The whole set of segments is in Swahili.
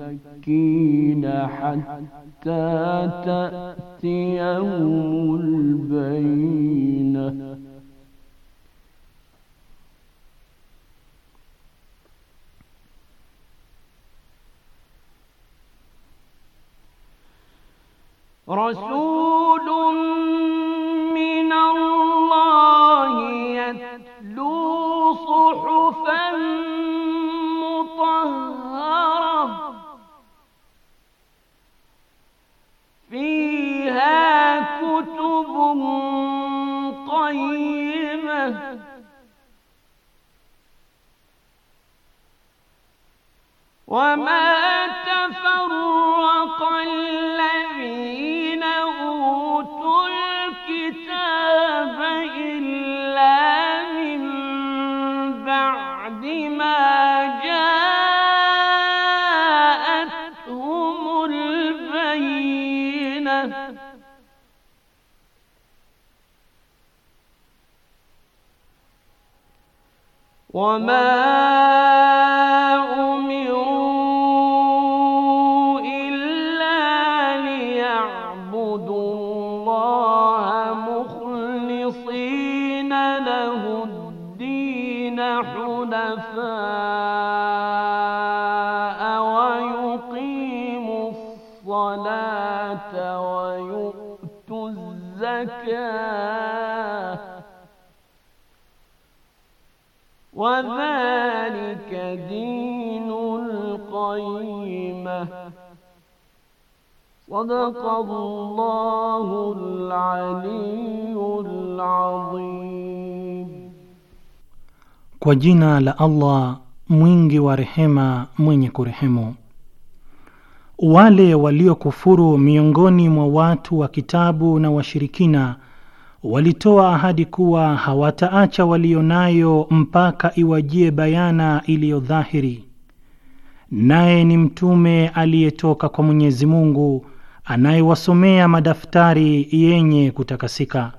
مسكين حتى تأتي يوم البينة رسول قيمة صدق الله العلي العظيم Kwa jina la Allah mwingi wa rehema mwenye kurehemu. Wale waliokufuru miongoni mwa watu wa kitabu na washirikina walitoa ahadi kuwa hawataacha walionayo mpaka iwajie bayana iliyo dhahiri naye ni mtume aliyetoka kwa Mwenyezi Mungu anayewasomea madaftari yenye kutakasika,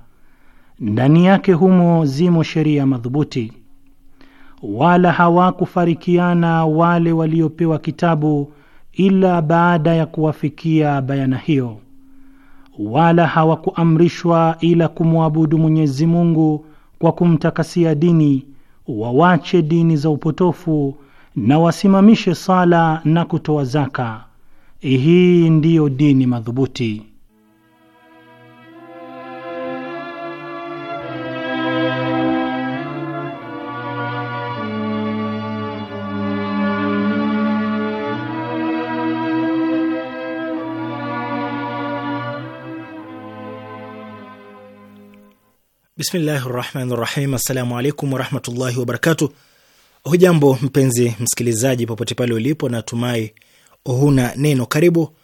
ndani yake humo zimo sheria madhubuti. Wala hawakufarikiana wale waliopewa kitabu ila baada ya kuwafikia bayana hiyo, wala hawakuamrishwa ila kumwabudu Mwenyezi Mungu kwa kumtakasia dini, wawache dini za upotofu na wasimamishe sala na kutoa zaka. Hii ndiyo dini madhubuti. Bismillahi rahmani rahim. Assalamu alaikum warahmatullahi wabarakatuh. Hujambo mpenzi msikilizaji, popote pale ulipo, natumai huna neno. Karibu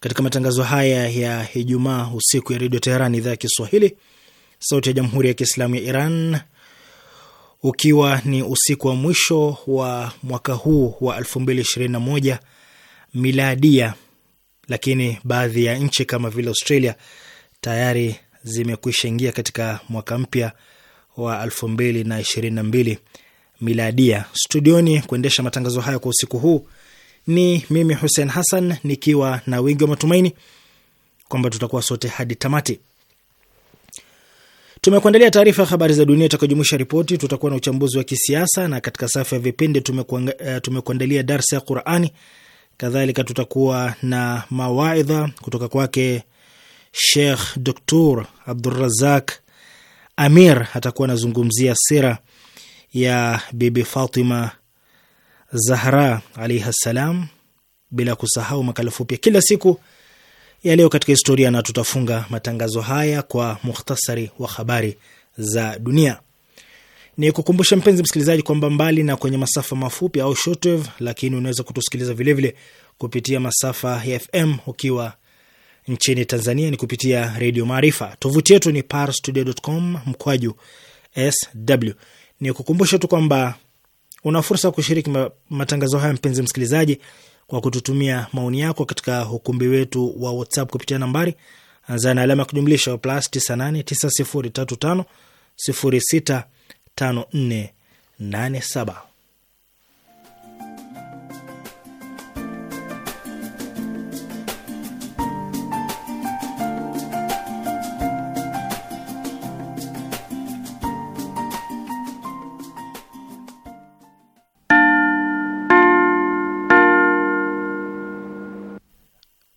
katika matangazo haya ya Ijumaa usiku ya Redio Teheran, idhaa ya Kiswahili, sauti ya Jamhuri ya Kiislamu ya Iran, ukiwa ni usiku wa mwisho wa mwaka huu wa 2021 miladia, lakini baadhi ya nchi kama vile Australia tayari zimekwisha ingia katika mwaka mpya wa 2022 miladia. Studioni kuendesha matangazo haya kwa usiku huu ni mimi Hussein Hassan, nikiwa na wingi wa matumaini kwamba tutakuwa sote hadi tamati. Tumekuandalia taarifa ya habari za dunia itakayojumuisha ripoti, tutakuwa na uchambuzi wa kisiasa, na katika safu ya vipindi eh, tumekuandalia darsa ya Qurani. Kadhalika tutakuwa na mawaidha kutoka kwake Sheikh Dr Abdurazak Amir, atakuwa anazungumzia sira ya Bibi Fatima Zahra alaihi ssalam, bila kusahau makala fupi kila siku ya leo katika historia, na tutafunga matangazo haya kwa mukhtasari wa habari za dunia. Ni kukumbusha mpenzi msikilizaji kwamba mbali na kwenye masafa mafupi au shortwave, lakini unaweza kutusikiliza vilevile kupitia masafa ya FM ukiwa nchini Tanzania ni kupitia Redio Maarifa. Tovuti yetu ni parstoday.com mkwaju sw ni kukumbusha tu kwamba una fursa kushiriki matangazo haya, mpenzi msikilizaji, kwa kututumia maoni yako katika ukumbi wetu wa WhatsApp kupitia nambari anza uh, na alama ya kujumlisha plus nsaba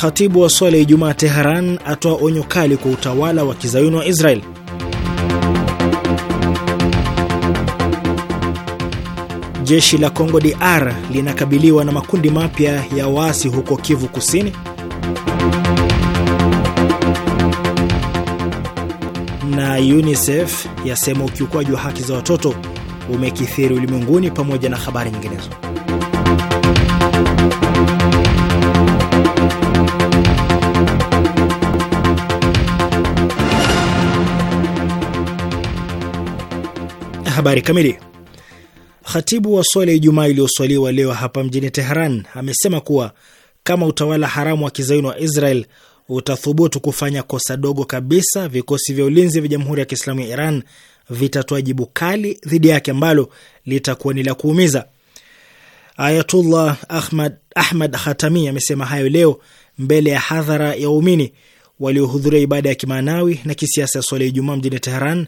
Khatibu wa swala ya Ijumaa Teheran atoa onyo kali kwa utawala wa kizayuni wa Israel. Jeshi la Kongo DR linakabiliwa na makundi mapya ya waasi huko Kivu Kusini. Na UNICEF yasema ukiukwaji wa haki za watoto umekithiri ulimwenguni pamoja na habari nyinginezo. Habari kamili. Khatibu wa swala ya Ijumaa iliyoswaliwa leo hapa mjini teheran amesema kuwa kama utawala haramu wa kizayuni wa Israel utathubutu kufanya kosa dogo kabisa, vikosi vya ulinzi vya Jamhuri ya Kiislamu ya Iran vitatoa jibu kali dhidi yake ambalo litakuwa ni la kuumiza. Ayatullah Ahmad, Ahmad Khatami amesema hayo leo mbele ya hadhara ya waumini waliohudhuria ibada ya kimaanawi na kisiasa ya swala ya Ijumaa mjini teheran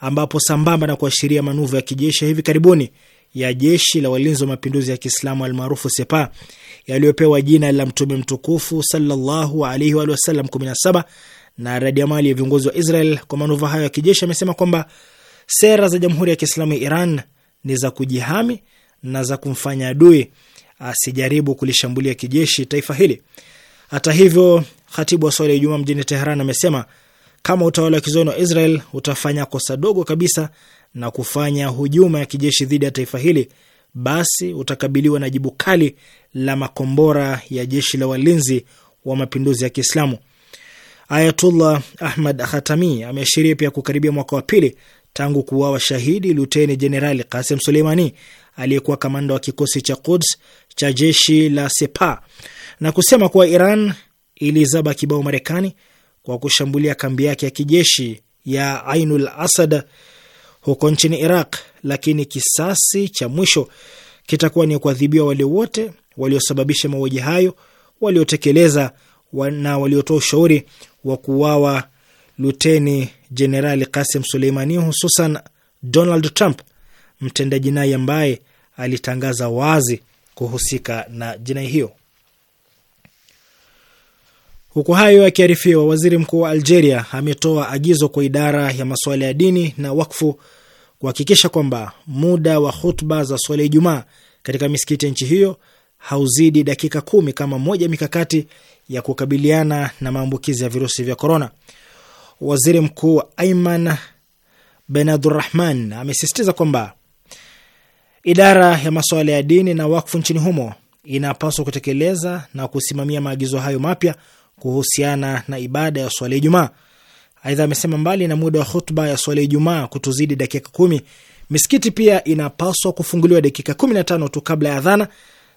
ambapo sambamba na kuashiria manuvu ya kijeshi hivi karibuni ya jeshi la walinzi wa mapinduzi ya Kiislamu almaarufu Sepa yaliyopewa jina la Mtume mtukufu sallallahu alaihi wa sallam 17 na mali ya viongozi wa Israel kwa manuva hayo ya kijeshi, amesema kwamba sera za Jamhuri ya Kiislamu ya Iran ni za kujihami na za kumfanya adui asijaribu kulishambulia kijeshi taifa hili. Hata hivyo, khatibu wa swala ya Ijumaa mjini Tehran amesema kama utawala wa kizoni wa Israel utafanya kosa dogo kabisa na kufanya hujuma ya kijeshi dhidi ya taifa hili, basi utakabiliwa na jibu kali la makombora ya jeshi la walinzi wa mapinduzi ya Kiislamu. Ayatullah Ahmad Khatami ameashiria pia kukaribia mwaka wa pili tangu kuuawa shahidi luteni jenerali Kasim Suleimani aliyekuwa kamanda wa kikosi cha Quds cha jeshi la Sepa na kusema kuwa Iran ilizaba kibao Marekani wa kushambulia kambi yake ya kijeshi ya Ainul Asad huko nchini Iraq, lakini kisasi cha mwisho kitakuwa ni kuadhibiwa wale wote waliosababisha mauaji hayo, waliotekeleza na waliotoa ushauri wa kuuawa Luteni Jenerali Kasim Suleimani, hususan Donald Trump, mtendaji naye ambaye alitangaza wazi kuhusika na jinai hiyo. Huku hayo akiharifiwa waziri mkuu wa Algeria ametoa agizo kwa idara ya masuala ya dini na wakfu kuhakikisha kwamba muda wa hutba za swala Ijumaa katika misikiti ya nchi hiyo hauzidi dakika kumi kama moja mikakati ya kukabiliana na maambukizi ya virusi vya korona. Waziri mkuu Aiman Ben Abdurahman amesisitiza kwamba idara ya masuala ya dini na wakfu nchini humo inapaswa kutekeleza na kusimamia maagizo hayo mapya kuhusiana na ibada ya swala ya Ijumaa. Aidha amesema mbali na muda wa hutuba ya swala ya Ijumaa kutuzidi dakika kumi, misikiti pia inapaswa kufunguliwa dakika kumi na tano tu kabla ya adhana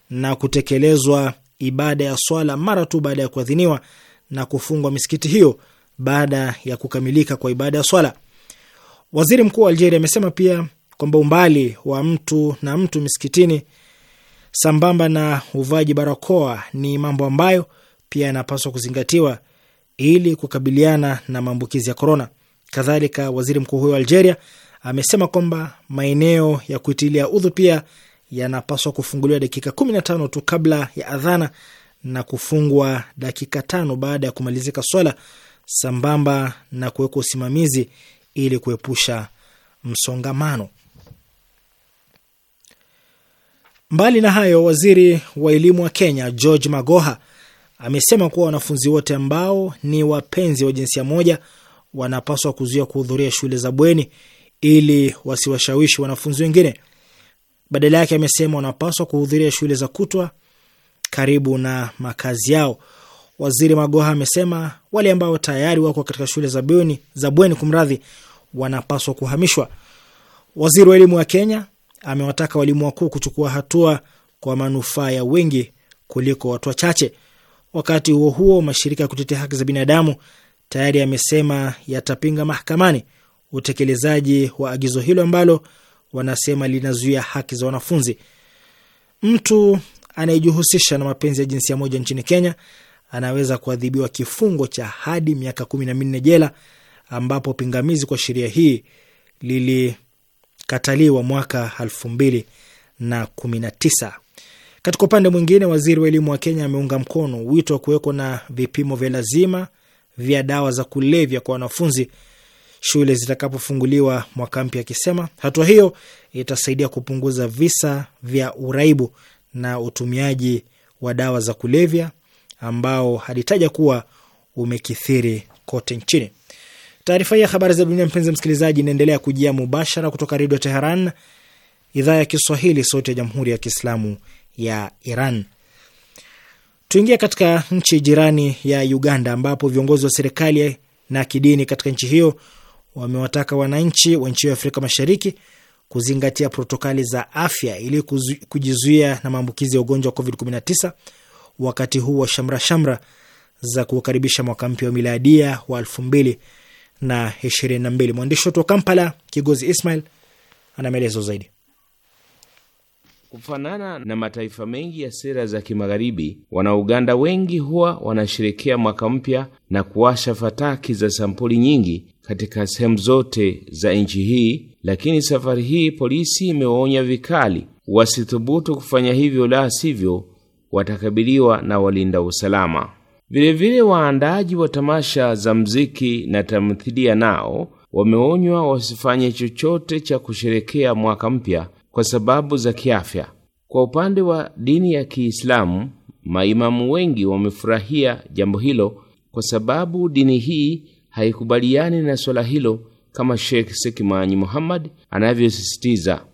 na kutekelezwa ibada ya swala mara tu baada ya kuadhiniwa na kufungwa misikiti hiyo baada ya kukamilika kwa ibada ya swala. Waziri mkuu wa Algeria amesema pia kwamba umbali wa mtu na mtu misikitini sambamba na uvaji barakoa ni mambo ambayo pia yanapaswa kuzingatiwa ili kukabiliana na maambukizi ya korona. Kadhalika, waziri mkuu huyo wa Algeria amesema kwamba maeneo ya kuitilia udhu pia yanapaswa kufunguliwa dakika 15 tu kabla ya adhana na kufungwa dakika tano baada ya kumalizika swala, sambamba na kuwekwa usimamizi ili kuepusha msongamano. Mbali na hayo, waziri wa elimu wa Kenya George Magoha amesema kuwa wanafunzi wote ambao ni wapenzi wa jinsia moja wanapaswa kuzuia kuhudhuria shule za bweni ili wasiwashawishi wanafunzi wengine. Badala yake, amesema wanapaswa kuhudhuria shule za kutwa karibu na makazi yao. Waziri Magoha amesema wale ambao tayari wako katika shule za bweni, za bweni kumradhi, wanapaswa kuhamishwa. Waziri wa elimu wa Kenya amewataka walimu wakuu kuchukua hatua kwa manufaa ya wengi kuliko watu wachache. Wakati huo huo, mashirika ya kutetea haki za binadamu tayari yamesema yatapinga mahakamani utekelezaji wa agizo hilo ambalo wanasema linazuia haki za wanafunzi. Mtu anayejihusisha na mapenzi ya jinsia moja nchini Kenya anaweza kuadhibiwa kifungo cha hadi miaka kumi na minne jela, ambapo pingamizi kwa sheria hii lilikataliwa mwaka elfu mbili na kumi na tisa. Katika upande mwingine, waziri wa elimu wa Kenya ameunga mkono wito wa kuwekwa na vipimo vya lazima vya dawa za kulevya kwa wanafunzi shule zitakapofunguliwa mwaka mpya, akisema hatua hiyo itasaidia kupunguza visa vya uraibu na utumiaji wa dawa za kulevya ambao halitaja kuwa umekithiri kote nchini. Taarifa hii ya habari za dunia, mpenzi msikilizaji, inaendelea kujia mubashara kutoka Redio Teheran, idhaa ya Kiswahili, sauti ya Jamhuri ya Kiislamu ya Iran. Tuingie katika nchi jirani ya Uganda ambapo viongozi wa serikali na kidini katika nchi hiyo wamewataka wananchi wa nchi hiyo ya Afrika Mashariki kuzingatia protokali za afya ili kujizuia na maambukizi ya ugonjwa wa COVID-19 wakati huu wa shamra shamra za kuukaribisha mwaka mpya wa miladia wa elfu mbili na ishirini na mbili. Mwandishi wetu wa Kampala, Kigozi Ismail, ana maelezo zaidi. Kufanana na mataifa mengi ya sera za kimagharibi, Wanauganda wengi huwa wanasherekea mwaka mpya na kuwasha fataki za sampuli nyingi katika sehemu zote za nchi hii, lakini safari hii polisi imewaonya vikali wasithubutu kufanya hivyo, la sivyo watakabiliwa na walinda usalama. Vilevile, waandaaji wa tamasha za mziki na tamthilia nao wameonywa wasifanye chochote cha kusherekea mwaka mpya kwa sababu za kiafya. Kwa upande wa dini ya Kiislamu, maimamu wengi wamefurahia jambo hilo kwa sababu dini hii haikubaliani na swala hilo, kama Sheikh Sekimanyi Muhammad anavyosisitiza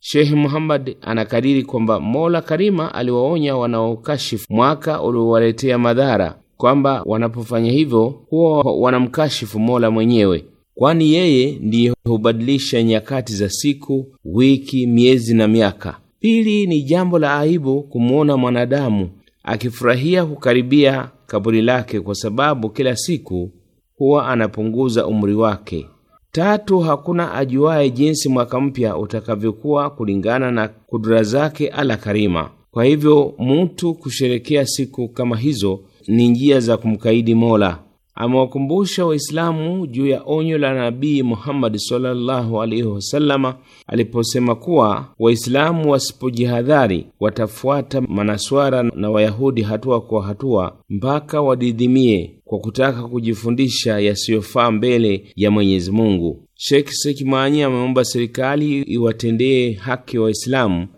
Sheikh Muhammad anakadiri kwamba Mola Karima aliwaonya wanaokashifu mwaka uliowaletea madhara kwamba wanapofanya hivyo huwa wanamkashifu Mola mwenyewe, kwani yeye ndiye hubadilisha nyakati za siku, wiki, miezi na miaka. Pili, ni jambo la aibu kumwona mwanadamu akifurahia kukaribia kaburi lake, kwa sababu kila siku huwa anapunguza umri wake. Tatu, hakuna ajuaye jinsi mwaka mpya utakavyokuwa kulingana na kudura zake Ala Karima. Kwa hivyo, mtu kusherekea siku kama hizo ni njia za kumkaidi Mola. Amewakumbusha Waislamu juu ya onyo la Nabii Muhammad sallallahu alaihi wasallama aliposema kuwa Waislamu wasipojihadhari watafuata manaswara na Wayahudi hatua kwa hatua mpaka wadidimie kwa kutaka kujifundisha yasiyofaa mbele ya Mwenyezi Mungu. Sheikh Sekimanyi ameomba serikali iwatendee haki Waislamu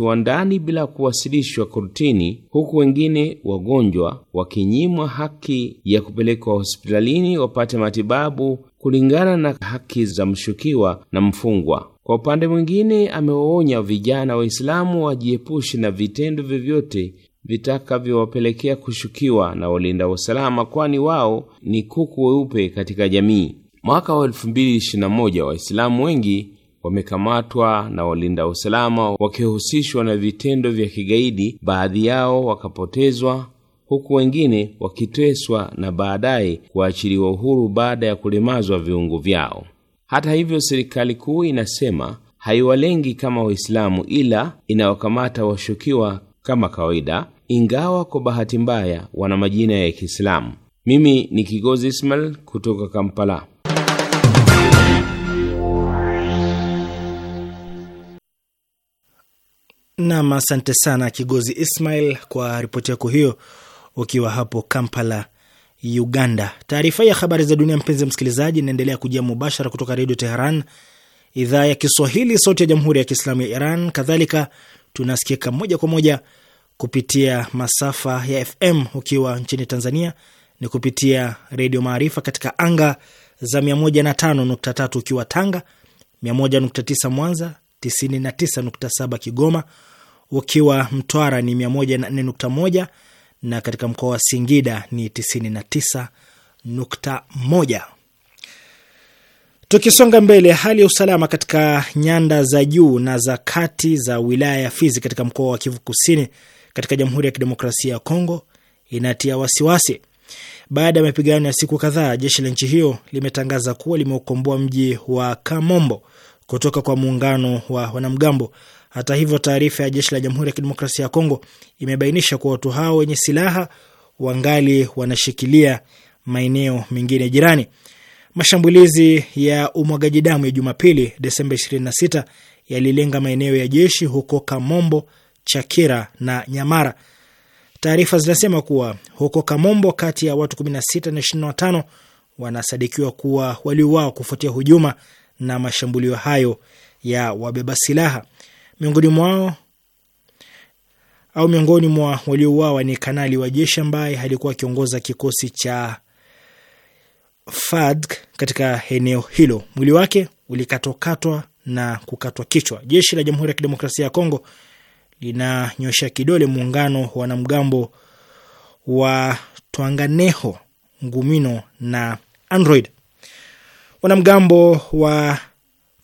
wa ndani bila kuwasilishwa kortini, huku wengine wagonjwa wakinyimwa haki ya kupelekwa hospitalini wapate matibabu kulingana na haki za mshukiwa na mfungwa. Kwa upande mwingine, amewaonya vijana Waislamu wajiepushe na vitendo vyovyote vitakavyowapelekea kushukiwa na walinda usalama, kwani wao ni kuku weupe katika jamii. Mwaka wa 2021 Waislamu wengi wamekamatwa na walinda usalama wakihusishwa na vitendo vya kigaidi, baadhi yao wakapotezwa, huku wengine wakiteswa na baadaye kuachiliwa uhuru baada ya kulemazwa viungo vyao. Hata hivyo, serikali kuu inasema haiwalengi kama Waislamu, ila inawakamata washukiwa kama kawaida, ingawa kwa bahati mbaya wana majina ya Kiislamu. Mimi ni Kigozi Ismail kutoka Kampala. Nam, asante sana Kigozi Ismail kwa ripoti yako hiyo, ukiwa hapo Kampala, Uganda. Taarifa ya habari za dunia, mpenzi msikilizaji, inaendelea kujia mubashara kutoka Redio Teheran, idhaa ya Kiswahili, sauti ya Jamhuri ya Kiislamu ya Iran. Kadhalika tunasikika moja kwa moja kupitia masafa ya FM. Ukiwa nchini Tanzania ni kupitia Redio Maarifa katika anga za 105.3, ukiwa Tanga, 101.9 Mwanza, 99.7 Kigoma, ukiwa Mtwara ni 104.1 na katika mkoa wa Singida ni 99.1. Tukisonga mbele, hali ya usalama katika nyanda za juu na za kati za wilaya ya Fizi katika mkoa wa Kivu Kusini katika Jamhuri ya Kidemokrasia ya Kongo inatia wasiwasi. Baada ya mapigano ya siku kadhaa, jeshi la nchi hiyo limetangaza kuwa limeukomboa mji wa Kamombo kutoka kwa muungano wa wanamgambo. Hata hivyo, taarifa ya jeshi la Jamhuri ya Kidemokrasia ya Kongo imebainisha kuwa watu hao wenye silaha wangali wanashikilia maeneo mengine jirani. Mashambulizi ya umwagaji damu ya Jumapili, Desemba 26 yalilenga maeneo ya jeshi huko Kamombo, Chakira na Nyamara. Taarifa zinasema kuwa huko Kamombo, kati ya watu 16 na 25 wanasadikiwa kuwa waliuawa kufuatia hujuma na mashambulio hayo ya wabeba silaha. Miongoni mwao au miongoni mwa waliouawa ni kanali wa jeshi ambaye alikuwa akiongoza kikosi cha FADC katika eneo hilo. Mwili wake ulikatwakatwa na kukatwa kichwa. Jeshi la Jamhuri ya Kidemokrasia ya Kongo linanyosha kidole muungano wa wanamgambo wa Twanganeho, Ngumino na Android Wanamgambo wa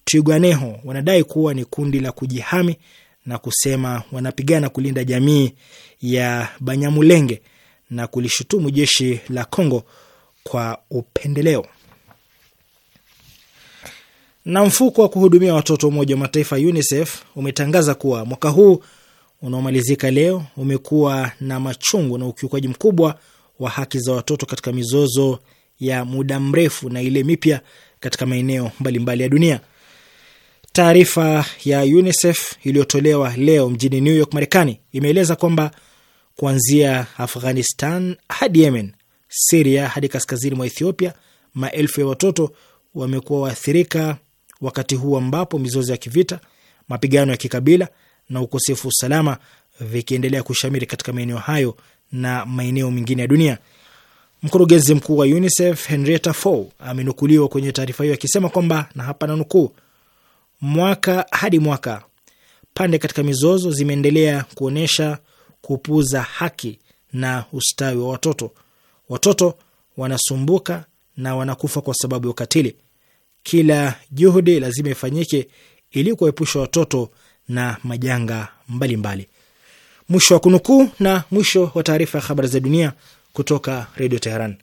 Twirwaneho wanadai kuwa ni kundi la kujihami na kusema wanapigana kulinda jamii ya Banyamulenge na kulishutumu jeshi la Kongo kwa upendeleo. Na mfuko wa kuhudumia watoto Umoja wa Mataifa UNICEF umetangaza kuwa mwaka huu unaomalizika leo umekuwa na machungu na ukiukaji mkubwa wa haki za watoto katika mizozo ya muda mrefu na ile mipya katika maeneo mbalimbali ya dunia. Taarifa ya UNICEF iliyotolewa leo mjini New York, Marekani, imeeleza kwamba kuanzia Afghanistan hadi Yemen, Siria hadi kaskazini mwa Ethiopia, maelfu ya watoto wamekuwa waathirika wakati huu ambapo mizozo ya kivita, mapigano ya kikabila na ukosefu wa usalama vikiendelea kushamiri katika maeneo hayo na maeneo mengine ya dunia. Mkurugenzi mkuu wa UNICEF Henrietta Fore amenukuliwa kwenye taarifa hiyo akisema kwamba, na hapa nukuu mwaka hadi mwaka pande katika mizozo zimeendelea kuonyesha kupuuza haki na ustawi wa watoto. Watoto wanasumbuka na wanakufa kwa sababu ya ukatili. Kila juhudi lazima ifanyike ili kuwaepusha watoto na majanga mbalimbali. Mwisho wa kunukuu. Na mwisho wa taarifa ya habari za dunia kutoka Redio Teheran.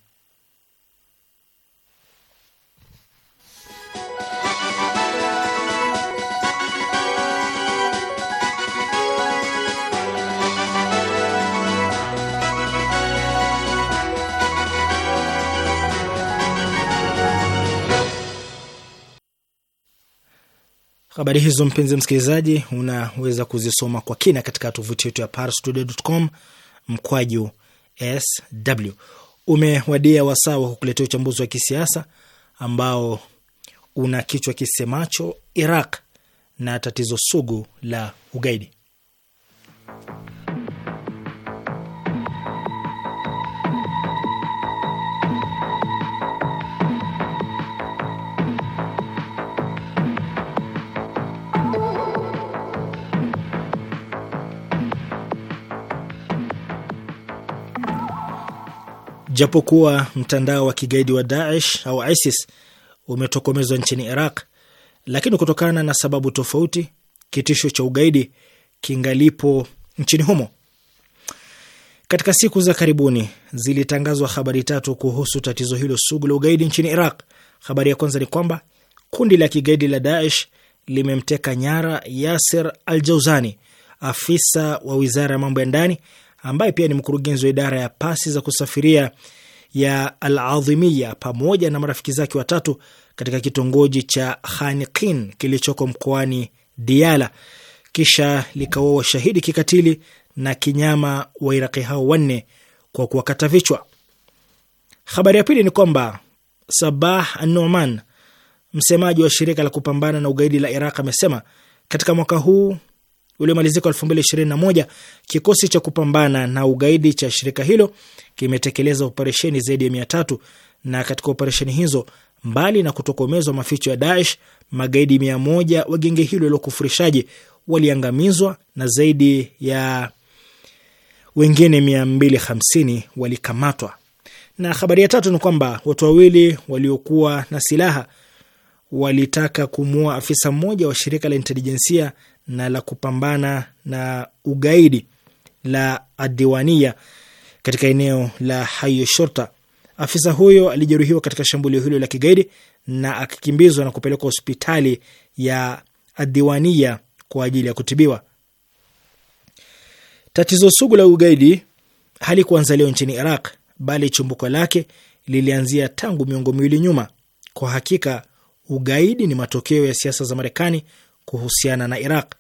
Habari hizo mpenzi msikilizaji, unaweza kuzisoma kwa kina katika tovuti yetu ya parstoday.com mkwaju sw umewadia wasaa wa kukuletea uchambuzi wa kisiasa ambao una kichwa kisemacho Iraq na tatizo sugu la ugaidi. Japokuwa mtandao wa kigaidi wa Daesh au ISIS umetokomezwa nchini Iraq, lakini kutokana na sababu tofauti, kitisho cha ugaidi kingalipo nchini humo. Katika siku za karibuni zilitangazwa habari tatu kuhusu tatizo hilo sugu la ugaidi nchini Iraq. Habari ya kwanza ni kwamba kundi la kigaidi la Daesh limemteka nyara Yasir Al Jauzani, afisa wa wizara ya mambo ya ndani ambaye pia ni mkurugenzi wa idara ya pasi za kusafiria ya Aladhimia pamoja na marafiki zake watatu katika kitongoji cha khanikin kilichoko mkoani Diala, kisha likawa washahidi kikatili na kinyama wa Iraqi hao wanne kwa kuwakata vichwa. Habari ya pili ni kwamba Sabah Anuman, msemaji wa shirika la kupambana na ugaidi la Iraq, amesema katika mwaka huu uliomalizika 2021, kikosi cha kupambana na ugaidi cha shirika hilo kimetekeleza operesheni zaidi ya mia tatu, na katika operesheni hizo, mbali na kutokomezwa maficho ya Daesh, magaidi mia moja wa genge hilo la ukufurishaji waliangamizwa na zaidi ya wengine hamsini walikamatwa. Na habari ya tatu ni kwamba watu wawili waliokuwa na silaha walitaka kumuua afisa mmoja wa shirika la intelijensia na la kupambana na ugaidi la Adiwania katika eneo la Hayo Shorta. Afisa huyo alijeruhiwa katika shambulio hilo la kigaidi na akikimbizwa na kupelekwa hospitali ya Adiwania kwa ajili ya kutibiwa. Tatizo sugu la ugaidi halikuanza leo nchini Iraq, bali chumbuko lake lilianzia tangu miongo miwili nyuma. Kwa hakika ugaidi ni matokeo ya siasa za Marekani kuhusiana na Iraq.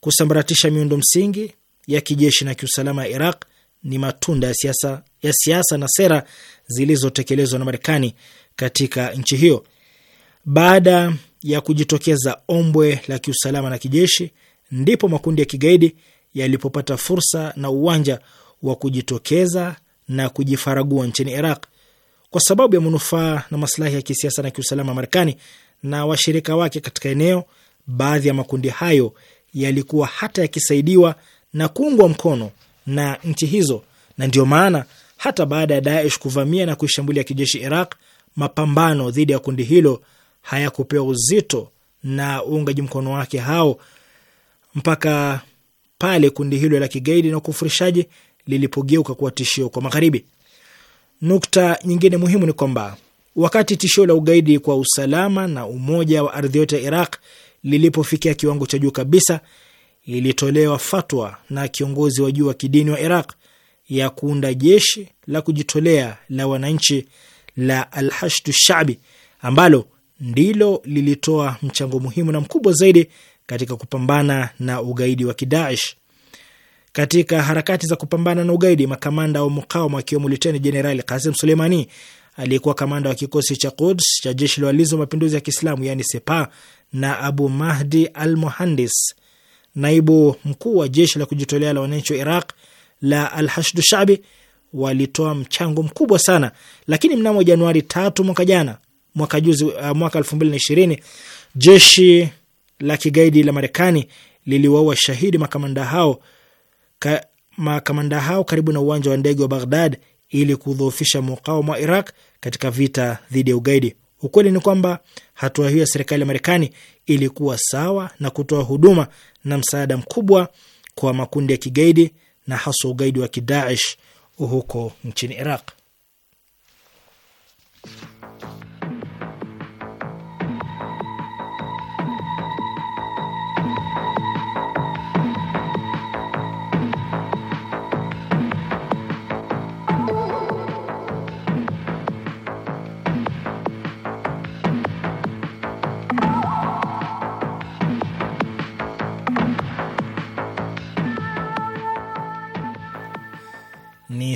Kusambaratisha miundo msingi ya kijeshi na kiusalama ya Iraq ni matunda ya siasa, ya siasa na sera zilizotekelezwa na Marekani katika nchi hiyo. Baada ya kujitokeza ombwe la kiusalama na kijeshi, ndipo makundi ya kigaidi yalipopata fursa na uwanja wa kujitokeza na kujifaragua nchini Iraq kwa sababu ya manufaa na maslahi ya kisiasa na kiusalama Marekani na washirika wake katika eneo baadhi ya makundi hayo yalikuwa hata yakisaidiwa na kuungwa mkono na nchi hizo, na ndiyo maana hata baada ya Daesh kuvamia na kuishambulia kijeshi Iraq, mapambano dhidi ya kundi hilo hayakupewa uzito na uungaji mkono wake hao mpaka pale kundi hilo la kigaidi na ukufurishaji lilipogeuka kuwa tishio kwa Magharibi. Nukta nyingine muhimu ni kwamba wakati tishio la ugaidi kwa usalama na umoja wa ardhi yote ya Iraq lilipofikia kiwango cha juu kabisa, ilitolewa fatwa na kiongozi wa juu wa kidini wa Iraq ya kuunda jeshi la kujitolea la wananchi la Alhashdu Shabi ambalo ndilo lilitoa mchango muhimu na mkubwa zaidi katika kupambana na ugaidi wa Kidaesh. Katika harakati za kupambana na ugaidi, makamanda wa mukawama akiwemo Luteni Jenerali Kasim Suleimani aliyekuwa kamanda wa kikosi cha Quds cha jeshi la walinzi wa mapinduzi ya Kiislamu, yaani Sepa, na Abu Mahdi al Muhandis, naibu mkuu wa jeshi la kujitolea la wananchi wa Iraq la al Hashdu Shabi, walitoa mchango mkubwa sana, lakini mnamo Januari tatu mwaka jana mwaka juzi uh, mwaka elfu mbili na ishirini jeshi la kigaidi la Marekani liliwaua shahidi makamanda hao, ka, makamanda hao karibu na uwanja wa ndege wa Baghdad ili kudhoofisha mukawama wa Iraq katika vita dhidi ya ugaidi. Ukweli ni kwamba hatua hiyo ya serikali ya Marekani ilikuwa sawa na kutoa huduma na msaada mkubwa kwa makundi ya kigaidi na haswa ugaidi wa Kidaesh huko nchini Iraq.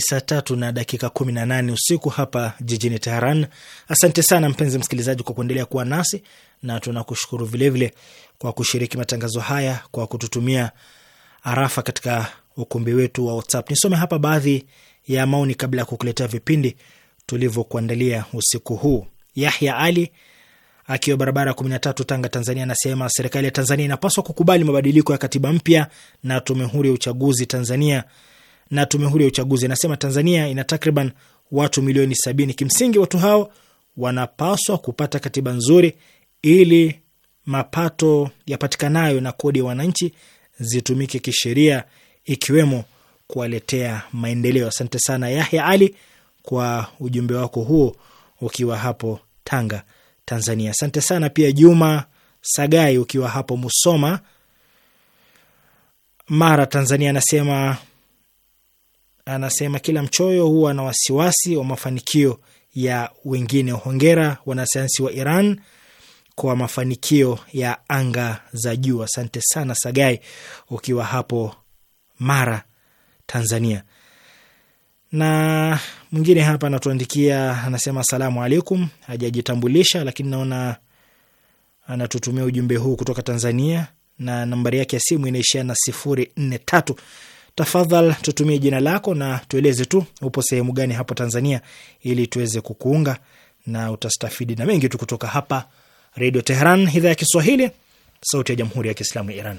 saa tatu na dakika kumi na nane usiku hapa jijini Teheran. Asante sana mpenzi msikilizaji kwa kuendelea kuwa nasi na tunakushukuru vilevile kwa kushiriki matangazo haya kwa kututumia arafa katika ukumbi wetu wa WhatsApp. Nisome hapa baadhi ya maoni kabla ya kukuletea vipindi tulivyokuandalia usiku huu. Yahya Ali akiwa barabara kumi na tatu Tanga, Tanzania, anasema serikali ya Tanzania inapaswa kukubali mabadiliko ya katiba mpya na tume huru ya uchaguzi Tanzania na tume huru ya uchaguzi. Anasema Tanzania ina takriban watu milioni sabini. Kimsingi watu hao wanapaswa kupata katiba nzuri ili mapato yapatikanayo na kodi ya wananchi zitumike kisheria, ikiwemo kuwaletea maendeleo. Asante sana Yahya Ali kwa ujumbe wako huo ukiwa hapo Tanga, Tanzania. Asante sana pia Juma Sagai ukiwa hapo Musoma, Mara, Tanzania, anasema anasema kila mchoyo huwa na wasiwasi wa mafanikio ya wengine. Hongera wanasayansi wa Iran kwa mafanikio ya anga za juu. Asante sana Sagai, ukiwa hapo Mara, Tanzania. Na mwingine hapa anatuandikia anasema, asalamu alaikum. Hajajitambulisha, lakini naona anatutumia ujumbe huu kutoka Tanzania, na nambari yake ya simu inaishia na sifuri nne tatu. Tafadhal tutumie jina lako na tueleze tu upo sehemu gani hapo Tanzania ili tuweze kukuunga na utastafidi na mengi tu kutoka hapa redio teheran idhaa ya Kiswahili, sauti ya Jamhuri ya Kiislamu ya Iran.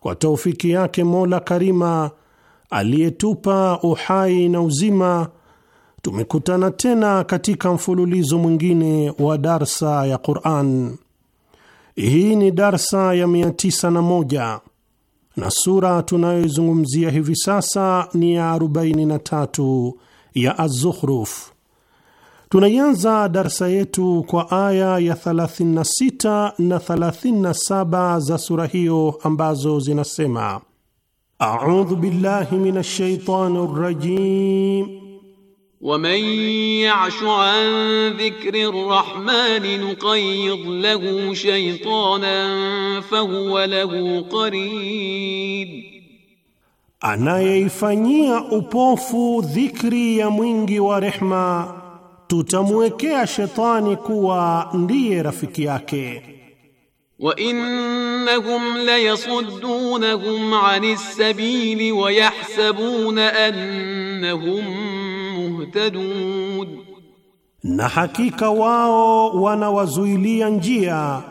kwa taufiki yake Mola Karima aliyetupa uhai na uzima, tumekutana tena katika mfululizo mwingine wa darsa ya Quran. Hii ni darsa ya 91 na sura tunayoizungumzia hivi sasa ni ya 43 ya Az-Zukhruf. Tunaianza darsa yetu kwa aya ya 36 na 37 za sura hiyo ambazo zinasema: audhu billahi minash shaitani rrajim waman yashu an dhikri rrahmani nuqayyid lahu shaytanan fahuwa lahu qarin anayeifanyia upofu dhikri ya mwingi wa rehma tutamwekea shetani kuwa ndiye rafiki yake. wa innahum la yasuddunahum anis sabili wa yahsabuna annahum muhtadun, na hakika wao wanawazuilia njia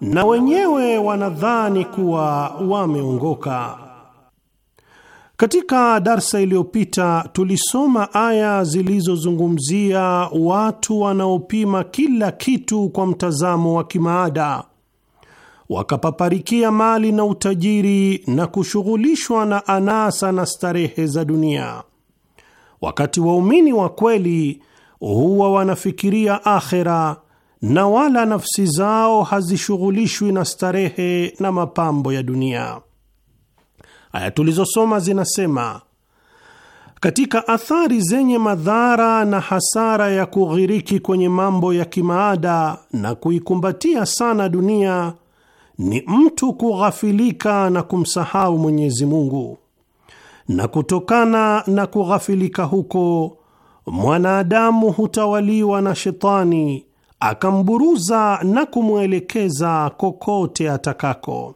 na wenyewe wanadhani kuwa wameongoka. Katika darsa iliyopita tulisoma aya zilizozungumzia watu wanaopima kila kitu kwa mtazamo wa kimaada, wakapaparikia mali na utajiri na kushughulishwa na anasa na starehe za dunia, wakati waumini wa kweli huwa wanafikiria akhera na wala nafsi zao hazishughulishwi na starehe na mapambo ya dunia. Aya tulizosoma zinasema katika athari zenye madhara na hasara ya kughiriki kwenye mambo ya kimaada na kuikumbatia sana dunia ni mtu kughafilika na kumsahau Mwenyezi Mungu, na kutokana na kughafilika huko mwanadamu hutawaliwa na shetani akamburuza na kumwelekeza kokote atakako.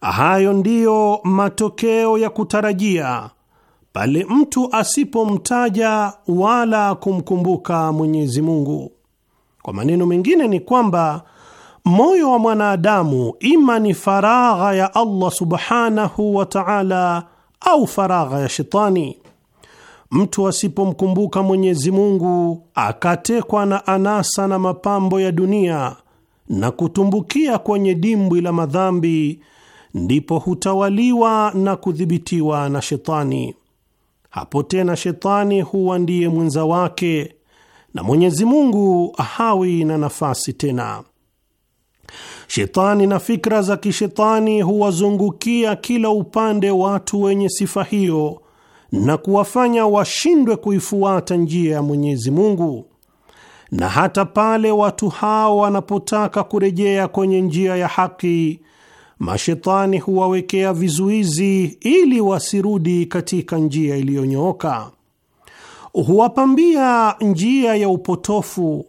Hayo ndiyo matokeo ya kutarajia pale mtu asipomtaja wala kumkumbuka Mwenyezi Mungu. Kwa maneno mengine ni kwamba moyo wa mwanadamu ima ni faragha ya Allah subhanahu wa ta'ala au faragha ya shetani. Mtu asipomkumbuka Mwenyezi Mungu akatekwa na anasa na mapambo ya dunia na kutumbukia kwenye dimbwi la madhambi ndipo hutawaliwa na kudhibitiwa na shetani. Hapo tena shetani huwa ndiye mwenza wake na Mwenyezi Mungu hawi na nafasi tena. Shetani na fikra za kishetani huwazungukia kila upande watu wenye sifa hiyo na kuwafanya washindwe kuifuata njia ya Mwenyezi Mungu, na hata pale watu hao wanapotaka kurejea kwenye njia ya haki mashetani huwawekea vizuizi ili wasirudi katika njia iliyonyooka, huwapambia njia ya upotofu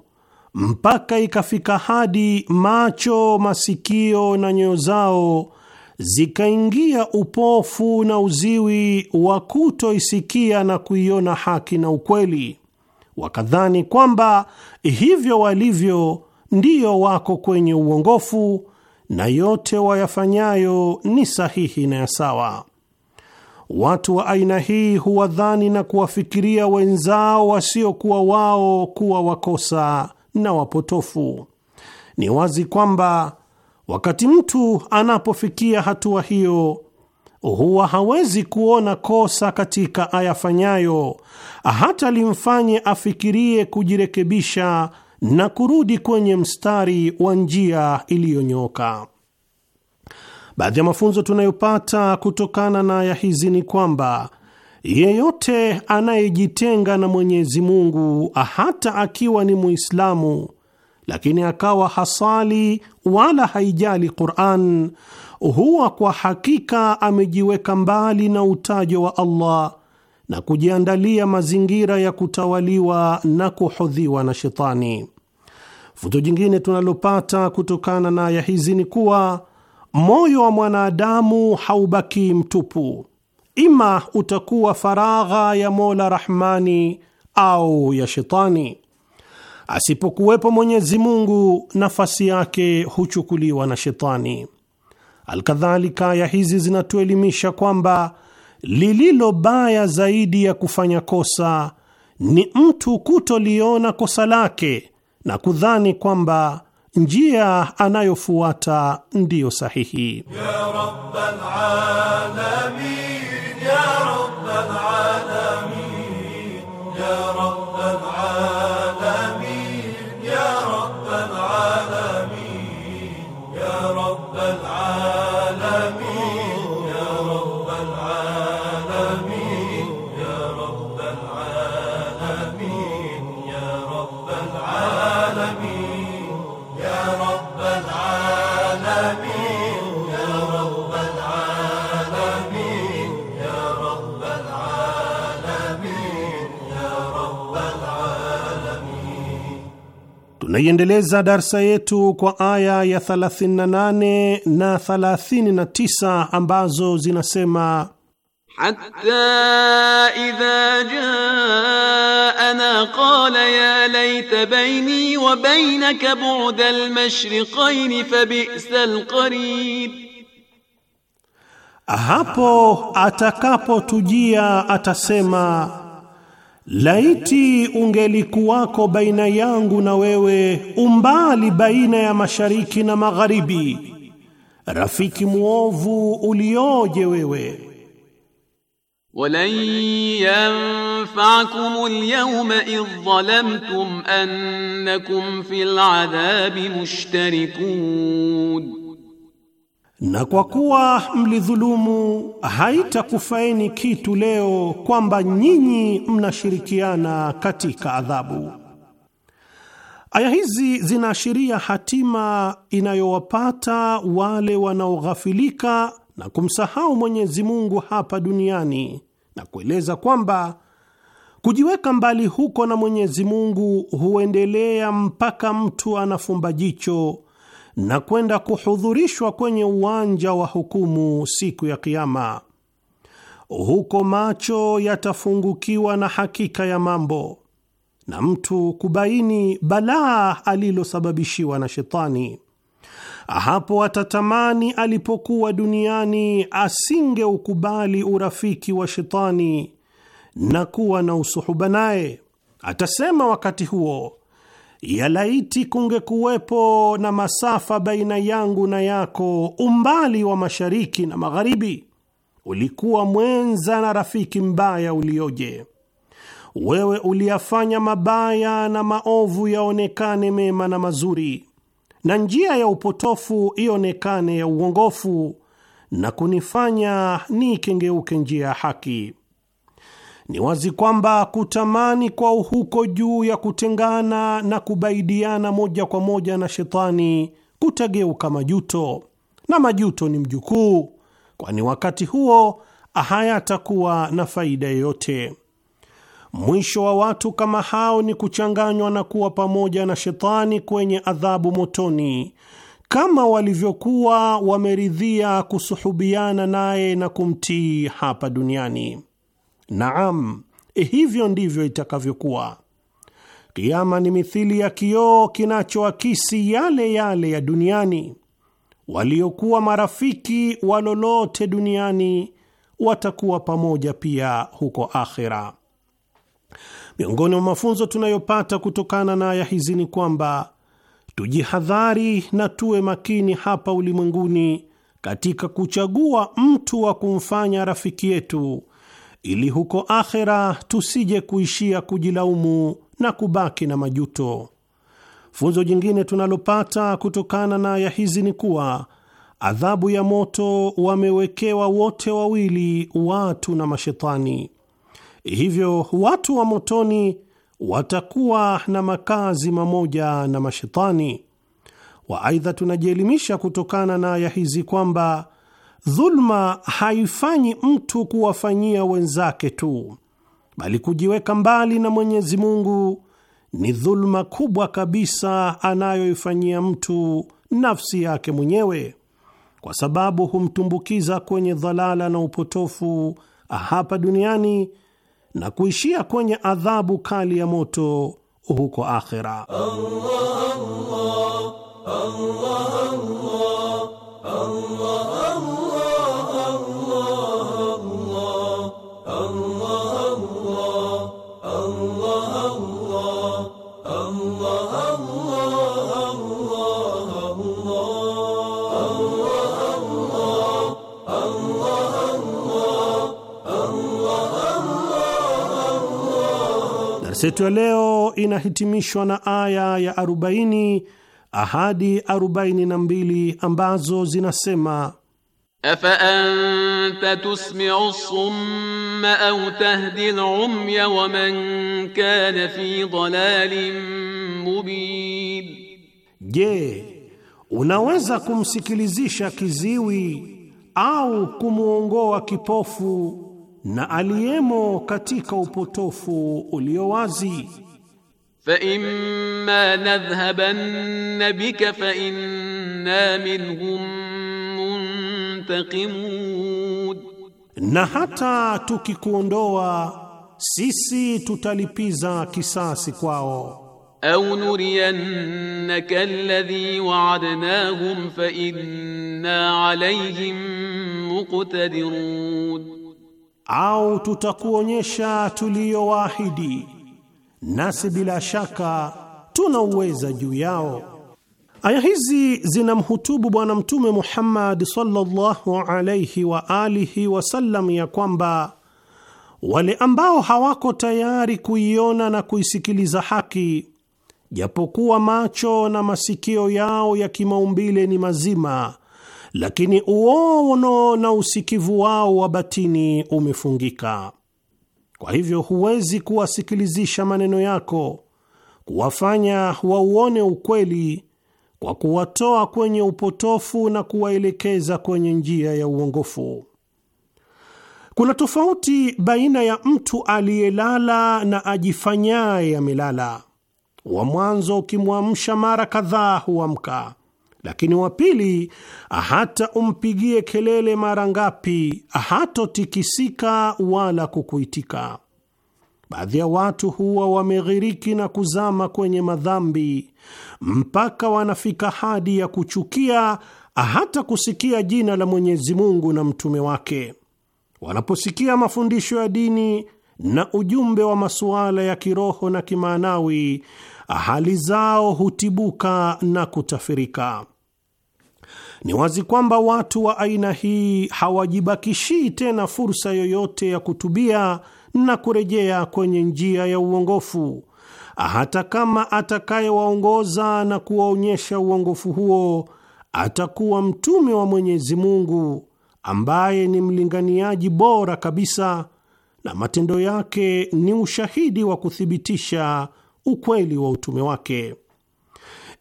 mpaka ikafika hadi macho, masikio na nyoyo zao zikaingia upofu na uziwi wa kutoisikia na kuiona haki na ukweli, wakadhani kwamba hivyo walivyo ndiyo wako kwenye uongofu na yote wayafanyayo ni sahihi na ya sawa. Watu wa aina hii huwadhani na kuwafikiria wenzao wasiokuwa wao kuwa wakosa na wapotofu. Ni wazi kwamba wakati mtu anapofikia hatua hiyo huwa hawezi kuona kosa katika ayafanyayo, hata limfanye afikirie kujirekebisha na kurudi kwenye mstari wa njia iliyonyoka Baadhi ya mafunzo tunayopata kutokana na aya hizi ni kwamba yeyote anayejitenga na Mwenyezi Mungu, hata akiwa ni Muislamu, lakini akawa hasali wala haijali Qur'an, huwa kwa hakika amejiweka mbali na utajo wa Allah na kujiandalia mazingira ya kutawaliwa na kuhodhiwa na shetani. Funzo jingine tunalopata kutokana na aya hizi ni kuwa moyo wa mwanadamu haubakii mtupu, ima utakuwa faragha ya Mola Rahmani au ya shetani. Asipokuwepo Mwenyezi Mungu, nafasi yake huchukuliwa na shetani. Alkadhalika, aya hizi zinatuelimisha kwamba lililo baya zaidi ya kufanya kosa ni mtu kutoliona kosa lake na kudhani kwamba njia anayofuata ndiyo sahihi ya Tunaiendeleza darsa yetu kwa aya ya 38 na 39 ambazo zinasema Hatta idha jaana qala ya laita baini wa bainaka bu'da al-mashriqayn fa bi'sa al-qarin, hapo atakapotujia atasema Laiti ungelikuwako baina yangu na wewe umbali baina ya mashariki na magharibi, rafiki mwovu ulioje wewe! Walan yanfaakum alyawma idh zalamtum annakum fil adhabi mushtarikun na kwa kuwa mlidhulumu, haitakufaeni kitu leo kwamba nyinyi mnashirikiana katika adhabu. Aya hizi zinaashiria hatima inayowapata wale wanaoghafilika na kumsahau Mwenyezi Mungu hapa duniani na kueleza kwamba kujiweka mbali huko na Mwenyezi Mungu huendelea mpaka mtu anafumba jicho na kwenda kuhudhurishwa kwenye uwanja wa hukumu siku ya Kiama. Huko macho yatafungukiwa na hakika ya mambo na mtu kubaini balaa alilosababishiwa na Shetani. Hapo atatamani alipokuwa duniani asingeukubali urafiki wa Shetani na kuwa na usuhuba naye. Atasema wakati huo Yalaiti kungekuwepo na masafa baina yangu na yako, umbali wa mashariki na magharibi. Ulikuwa mwenza na rafiki mbaya ulioje! Wewe uliyafanya mabaya na maovu yaonekane mema na mazuri, na njia ya upotofu ionekane ya uongofu, na kunifanya nikengeuke njia ya haki. Ni wazi kwamba kutamani kwa huko juu ya kutengana na kubaidiana moja kwa moja na shetani kutageuka majuto, na majuto ni mjukuu, kwani wakati huo hayatakuwa na faida yoyote. Mwisho wa watu kama hao ni kuchanganywa na kuwa pamoja na shetani kwenye adhabu motoni, kama walivyokuwa wameridhia kusuhubiana naye na kumtii hapa duniani. Naam, eh, hivyo ndivyo itakavyokuwa. Kiama ni mithili ya kioo kinachoakisi yale yale ya duniani. Waliokuwa marafiki wa lolote duniani watakuwa pamoja pia huko akhira. Miongoni mwa mafunzo tunayopata kutokana na aya hizi ni kwamba tujihadhari na tuwe makini hapa ulimwenguni katika kuchagua mtu wa kumfanya rafiki yetu ili huko akhera tusije kuishia kujilaumu na kubaki na majuto. Funzo jingine tunalopata kutokana na aya hizi ni kuwa adhabu ya moto wamewekewa wote wawili, watu na mashetani. Hivyo watu wa motoni watakuwa na makazi mamoja na mashetani wa. Aidha, tunajielimisha kutokana na aya hizi kwamba Dhulma haifanyi mtu kuwafanyia wenzake tu, bali kujiweka mbali na Mwenyezi Mungu ni dhulma kubwa kabisa anayoifanyia mtu nafsi yake mwenyewe, kwa sababu humtumbukiza kwenye dhalala na upotofu hapa duniani na kuishia kwenye adhabu kali ya moto huko akhera. Allah, Allah, Allah, Allah, Allah. Kaseti ya leo inahitimishwa na aya ya 40 ahadi 42 ambazo zinasema afa anta tusmi'u summa au tahdi al-umya wa man kana fi dhalalin mubin, je, unaweza kumsikilizisha kiziwi au kumwongoa kipofu na aliyemo katika upotofu ulio wazi. Fa imma nadhhabanna bika fa inna minhum muntaqimun, na hata tukikuondoa sisi tutalipiza kisasi kwao. Au nuriyannaka alladhi wa'adnahum fa inna alayhim muqtadirun au tutakuonyesha tuliyowaahidi, nasi bila shaka tunauweza juu yao. Aya hizi zinamhutubu Bwana Mtume Muhammad sallallahu alayhi wa alihi wasallam ya kwamba wale ambao hawako tayari kuiona na kuisikiliza haki, japokuwa macho na masikio yao ya kimaumbile ni mazima lakini uono na usikivu wao wa batini umefungika. Kwa hivyo huwezi kuwasikilizisha maneno yako, kuwafanya wauone ukweli kwa kuwatoa kwenye upotofu na kuwaelekeza kwenye njia ya uongofu. Kuna tofauti baina ya mtu aliyelala na ajifanyaye amelala. Wa mwanzo ukimwamsha mara kadhaa huamka, lakini wa pili, hata umpigie kelele mara ngapi, hatotikisika wala kukuitika. Baadhi ya watu huwa wameghiriki na kuzama kwenye madhambi mpaka wanafika hadi ya kuchukia hata kusikia jina la Mwenyezi Mungu na mtume wake. Wanaposikia mafundisho ya dini na ujumbe wa masuala ya kiroho na kimaanawi, hali zao hutibuka na kutafirika. Ni wazi kwamba watu wa aina hii hawajibakishii tena fursa yoyote ya kutubia na kurejea kwenye njia ya uongofu, hata kama atakayewaongoza na kuwaonyesha uongofu huo atakuwa mtume wa Mwenyezi Mungu ambaye ni mlinganiaji bora kabisa, na matendo yake ni ushahidi wa kuthibitisha ukweli wa utume wake.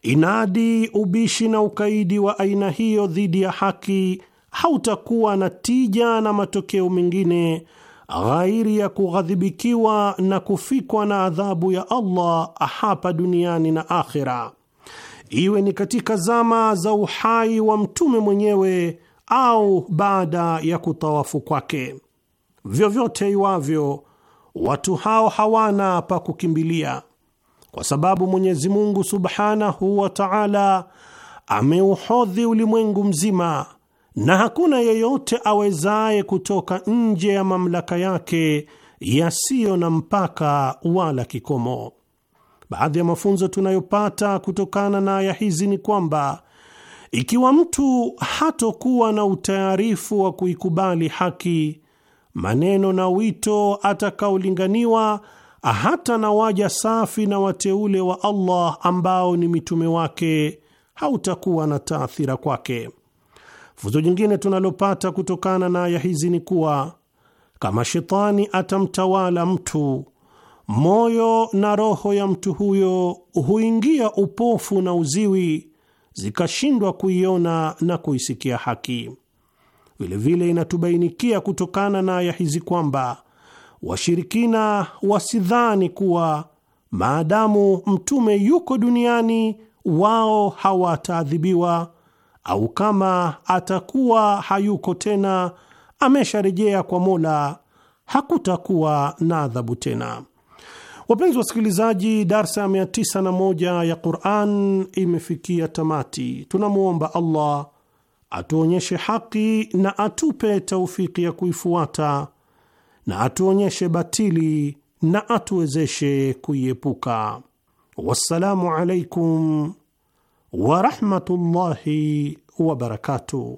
Inadi, ubishi na ukaidi wa aina hiyo dhidi ya haki hautakuwa na tija na matokeo mengine ghairi ya kughadhibikiwa na kufikwa na adhabu ya Allah hapa duniani na akhira, iwe ni katika zama za uhai wa mtume mwenyewe au baada ya kutawafu kwake. Vyovyote iwavyo, watu hao hawana pa kukimbilia kwa sababu Mwenyezi Mungu subhanahu wa taala ameuhodhi ulimwengu mzima na hakuna yeyote awezaye kutoka nje ya mamlaka yake yasiyo na mpaka wala kikomo. Baadhi ya mafunzo tunayopata kutokana na aya hizi ni kwamba ikiwa mtu hatokuwa na utayarifu wa kuikubali haki, maneno na wito atakaolinganiwa hata na waja safi na wateule wa Allah ambao ni mitume wake hautakuwa na taathira kwake. Funzo jingine tunalopata kutokana na aya hizi ni kuwa kama shetani atamtawala mtu, moyo na roho ya mtu huyo huingia upofu na uziwi, zikashindwa kuiona na kuisikia haki. Vilevile inatubainikia kutokana na aya hizi kwamba washirikina wasidhani kuwa maadamu mtume yuko duniani wao hawataadhibiwa, au kama atakuwa hayuko tena amesharejea kwa Mola, hakutakuwa na adhabu tena. Wapenzi wasikilizaji, darsa ya 901 ya Quran imefikia tamati. Tunamwomba Allah atuonyeshe haki na atupe taufiki ya kuifuata na atuonyeshe batili na atuwezeshe kuiepuka. Wassalamu alaikum warahmatullahi wabarakatuh.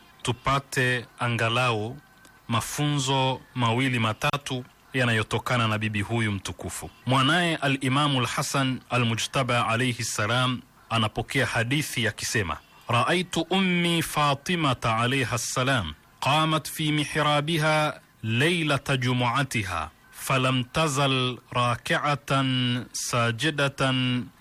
tupate angalau mafunzo mawili matatu yanayotokana na bibi huyu mtukufu. Mwanaye Alimamu Lhasan Almujtaba alaihi ssalam anapokea hadithi akisema, raaitu ummi Fatimata alaiha ssalam qamat fi mihrabiha leilata jumuatiha فلم تزل راكعه ساجده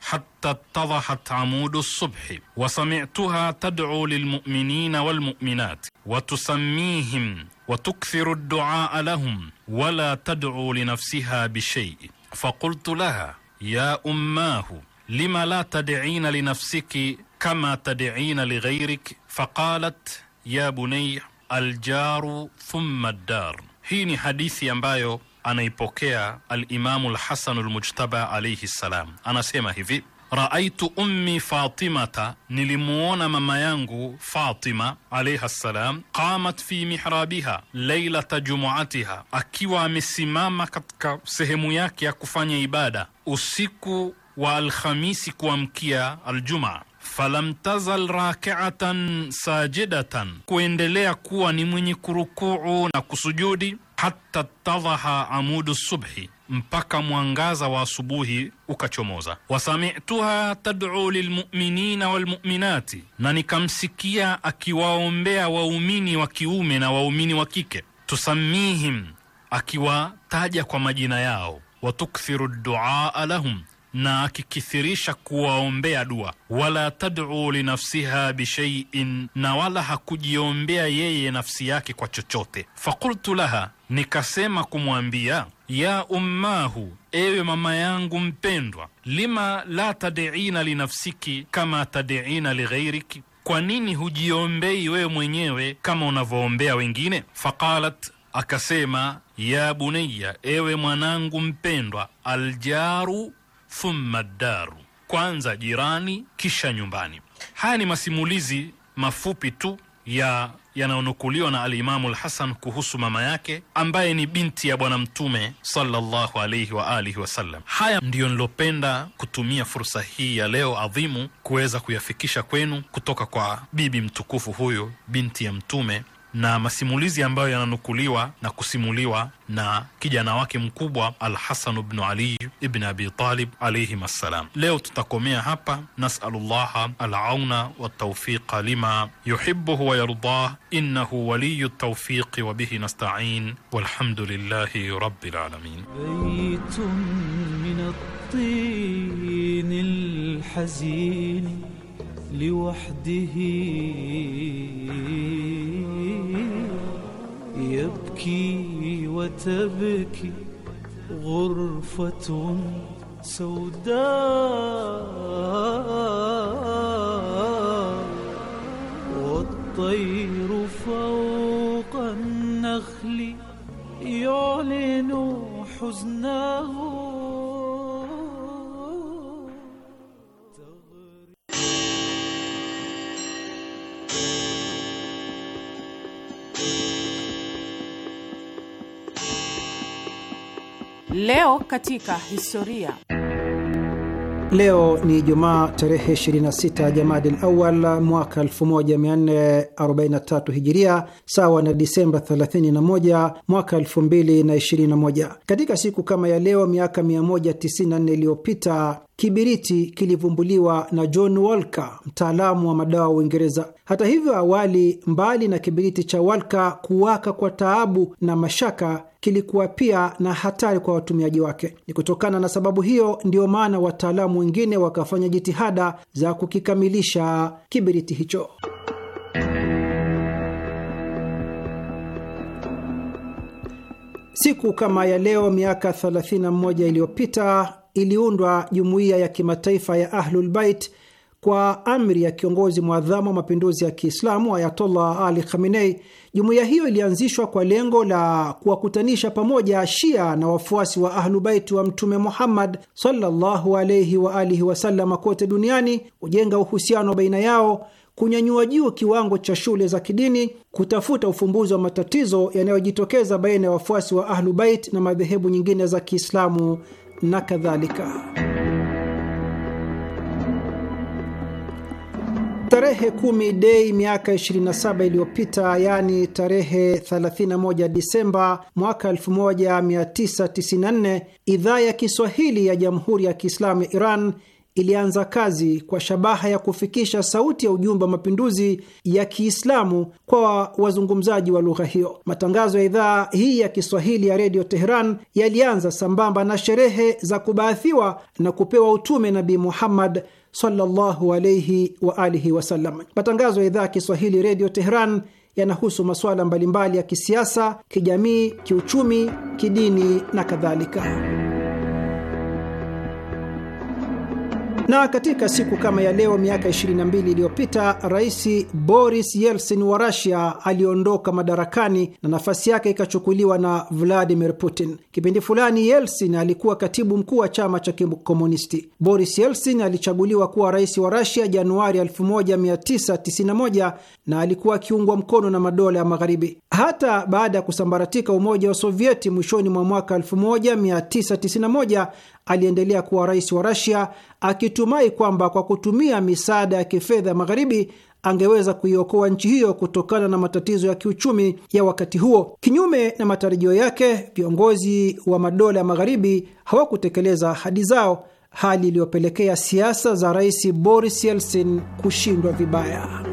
حتى اتضحت عمود الصبح وسمعتها تدعو للمؤمنين والمؤمنات وتسميهم وتكثر الدعاء لهم ولا تدعو لنفسها بشيء فقلت لها يا اماه لم لا تدعين لنفسك كما تدعين لغيرك فقالت يا بني الجار ثم الدار hii ni hadithi ambayo anaipokea Alimamu Lhasanu Lmujtaba alaihi ssalam, anasema hivi: raaitu ummi fatimata, nilimuona mama yangu Fatima alaiha ssalam, qamat fi mihrabiha lailata jumuatiha, akiwa amesimama katika sehemu yake ya kufanya ibada usiku wa Alhamisi kuamkia Aljumaa falam tazal rakiatan sajidatan, kuendelea kuwa ni mwenye kurukuu na kusujudi hatta tadhaha amudu subhi, mpaka mwangaza wa asubuhi ukachomoza. Wasamituha tad'u lilmuminina walmuminati, na nikamsikia akiwaombea waumini wa kiume na waumini wa kike. Tusamihim, akiwataja kwa majina yao. Watukthiru duaa lahum na akikithirisha kuwaombea dua. Wala tad'u linafsiha bishaiin, na wala hakujiombea yeye nafsi yake kwa chochote. Fakultu laha, nikasema kumwambia ya ummahu, ewe mama yangu mpendwa, lima la tadiina linafsiki kama tadiina lighairiki, kwa nini hujiombei wewe mwenyewe kama unavyoombea wengine? Faqalat, akasema ya bunayya, ewe mwanangu mpendwa, aljaru thumma daru, kwanza jirani kisha nyumbani. Haya ni masimulizi mafupi tu ya yanayonukuliwa na Alimamu Lhasan kuhusu mama yake ambaye ni binti ya Bwana Mtume sallallahu alaihi wa alihi wasallam. Haya ndiyo nilopenda kutumia fursa hii ya leo adhimu kuweza kuyafikisha kwenu kutoka kwa bibi mtukufu huyo, binti ya Mtume na masimulizi ambayo yananukuliwa na kusimuliwa na kijana wake mkubwa Alhasanu bnu Ali ibn Abi Talib alaihim assalam. Leo tutakomea hapa. Nasalullaha alauna waltaufiqa lima yuhibuhu wayardah innahu waliyu ltaufiqi wabihi nastain walhamdulillahi rabbil alamin. min liwahdihi يبكي وتبكي غرفة سوداء والطير فوق النخل يعلن حزنه Leo katika historia. Leo ni Jumaa tarehe 26 Jamadil Awal mwaka 1443 Hijiria, sawa na Disemba 31 mwaka 2021. Katika siku kama ya leo miaka 194 iliyopita kibiriti kilivumbuliwa na John Walker, mtaalamu wa madawa wa Uingereza. Hata hivyo, awali, mbali na kibiriti cha Walker kuwaka kwa taabu na mashaka kilikuwa pia na hatari kwa watumiaji wake. Ni kutokana na sababu hiyo ndiyo maana wataalamu wengine wakafanya jitihada za kukikamilisha kibiriti hicho. Siku kama ya leo miaka 31 iliyopita iliundwa jumuiya ya kimataifa ya Ahlulbait kwa amri ya kiongozi mwadhamu wa mapinduzi ya Kiislamu Ayatollah Ali Khamenei, jumuiya hiyo ilianzishwa kwa lengo la kuwakutanisha pamoja Shia na wafuasi wa Ahlubaiti wa Mtume Muhammad sallallahu alaihi wa alihi wasalama kote duniani, kujenga uhusiano baina yao, kunyanyua juu kiwango cha shule za kidini, kutafuta ufumbuzi wa matatizo yanayojitokeza baina ya wafuasi wa Ahlubait na madhehebu nyingine za Kiislamu na kadhalika. Tarehe kumi Dei miaka 27 iliyopita, yaani tarehe 31 Disemba mwaka 1994, idhaa ya Kiswahili ya Jamhuri ya Kiislamu ya Iran ilianza kazi kwa shabaha ya kufikisha sauti ya ujumbe wa mapinduzi ya Kiislamu kwa wazungumzaji wa lugha hiyo. Matangazo ya idhaa hii ya Kiswahili ya redio Teheran yalianza sambamba na sherehe za kubaathiwa na kupewa utume Nabii Muhammad sallallahu alayhi wa alihi wasallam. Matangazo ya idhaa ya Kiswahili Redio Teheran yanahusu masuala mbalimbali ya kisiasa, kijamii, kiuchumi, kidini na kadhalika. Na katika siku kama ya leo miaka 22 iliyopita Rais Boris Yeltsin wa Russia aliondoka madarakani na nafasi yake ikachukuliwa na Vladimir Putin. Kipindi fulani Yeltsin alikuwa katibu mkuu wa chama cha Kikomunisti. Boris Yeltsin alichaguliwa kuwa rais wa Russia Januari 1991 na alikuwa akiungwa mkono na madola ya Magharibi. Hata baada ya kusambaratika Umoja wa Sovieti mwishoni mwa mwaka 1991 aliendelea kuwa rais wa Rasia akitumai kwamba kwa kutumia misaada ya kifedha magharibi angeweza kuiokoa nchi hiyo kutokana na matatizo ya kiuchumi ya wakati huo. Kinyume na matarajio yake, viongozi wa madola ya magharibi hawakutekeleza ahadi zao, hali iliyopelekea siasa za Rais Boris Yeltsin kushindwa vibaya.